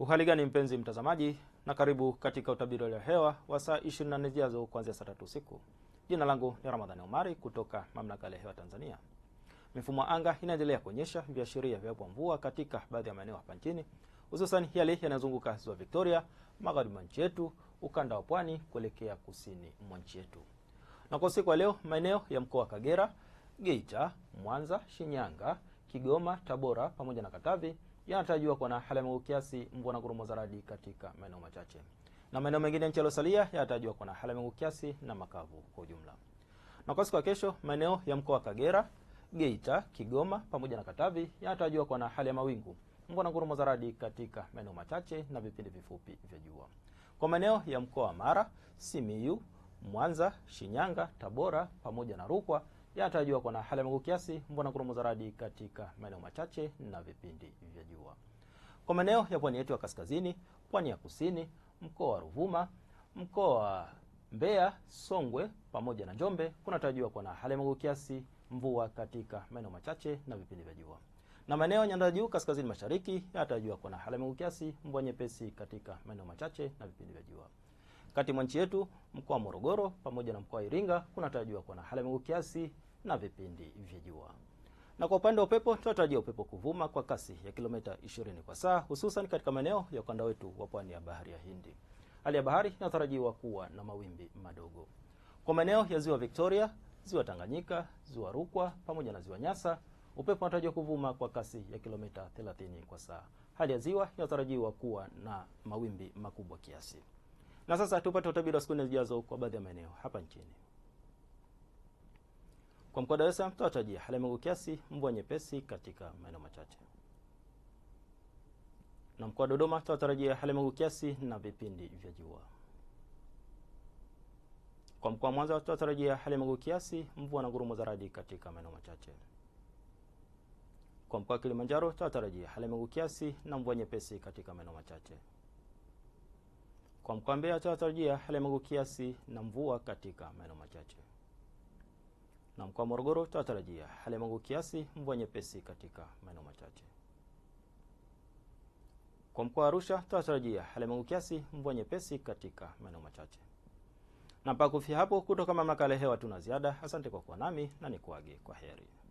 Uhali gani mpenzi mtazamaji, na karibu katika utabiri wa hewa wa saa 24 zijazo kuanzia saa tatu usiku. Jina langu ni Ramadhani Omari kutoka Mamlaka ya Hewa Tanzania. Mifumo anga inaendelea kuonyesha viashiria vya mvua katika baadhi ya maeneo hapa nchini, hususan yale yanayozunguka ziwa Victoria, magharibi mwa nchi yetu, ukanda wa pwani kuelekea kusini mwa nchi yetu. Na kwa usiku wa leo, maeneo ya mkoa wa Kagera, Geita, Mwanza, Shinyanga, Kigoma, Tabora pamoja na Katavi yanatarajiwa kuwa na hali ya mawingu kiasi, mvua na ngurumo za radi katika maeneo machache, na maeneo mengine nchi yaliyosalia yanatarajiwa kuwa na hali ya mawingu kiasi na makavu kwa ujumla. Na kwa siku ya kesho, maeneo ya mkoa wa Kagera, Geita, Kigoma pamoja na Katavi yanatarajiwa kuwa na hali ya mawingu, mvua na ngurumo za radi katika maeneo machache na vipindi vifupi vya jua. Kwa maeneo ya mkoa wa Mara, Simiyu, Mwanza, Shinyanga, Tabora pamoja na Rukwa yatarajiwa kuwa na hali ya mawingu kiasi, mvua na ngurumo za radi katika maeneo machache na vipindi vya jua. Kwa maeneo ya pwani yetu ya kaskazini, pwani ya kusini, mkoa wa Ruvuma, mkoa wa Mbeya, Songwe pamoja na Njombe kunatarajiwa kuwa na hali ya mawingu kiasi, mvua katika maeneo machache na vipindi vya jua. Na maeneo ya nyanda juu kaskazini mashariki yanatarajiwa kuwa na hali ya mawingu kiasi, mvua nyepesi katika maeneo machache na vipindi vya jua. Kati mwa nchi yetu, mkoa wa Morogoro pamoja na mkoa wa Iringa kunatarajiwa kuwa na hali ya mawingu kiasi na vipindi vya jua. Na kwa upande wa upepo, tunatarajia upepo kuvuma kwa kasi ya kilomita 20 kwa saa, hususan katika maeneo ya ukanda wetu wa pwani ya bahari ya Hindi. Hali ya bahari inatarajiwa kuwa na mawimbi madogo kwa maeneo ya ziwa Victoria, ziwa Tanganyika, ziwa Rukwa pamoja na ziwa Nyasa. Upepo unatarajiwa kuvuma kwa kasi ya kilomita 30 kwa saa. Hali ya ziwa inatarajiwa kuwa na mawimbi makubwa kiasi. Na sasa tupate utabiri wa siku nne zijazo kwa baadhi ya maeneo hapa nchini. Kwa mkoa wa Dar es Salaam tutawatarajia hali ya mawingu kiasi, mvua nyepesi katika maeneo machache. Na mkoa wa Dodoma tutawatarajia hali ya mawingu kiasi na vipindi vya jua. Kwa mkoa wa Mwanza tutawatarajia hali ya mawingu kiasi, mvua na ngurumo za radi katika maeneo machache. Kwa mkoa wa Kilimanjaro tutawatarajia hali ya mawingu kiasi na mvua nyepesi katika maeneo machache. Kwa mkoa wa Mbeya tutawatarajia hali ya mawingu kiasi na mvua katika maeneo machache. Na mkoa wa Morogoro tunatarajia hali ya mawingu kiasi, mvua nyepesi katika maeneo machache. Kwa mkoa wa Arusha tunatarajia hali ya mawingu kiasi, mvua nyepesi katika maeneo machache. Na mpaka kufikia hapo, kutoka mamlaka ya hewa tuna ziada. Asante kwa kuwa nami na nikuage kwa heri.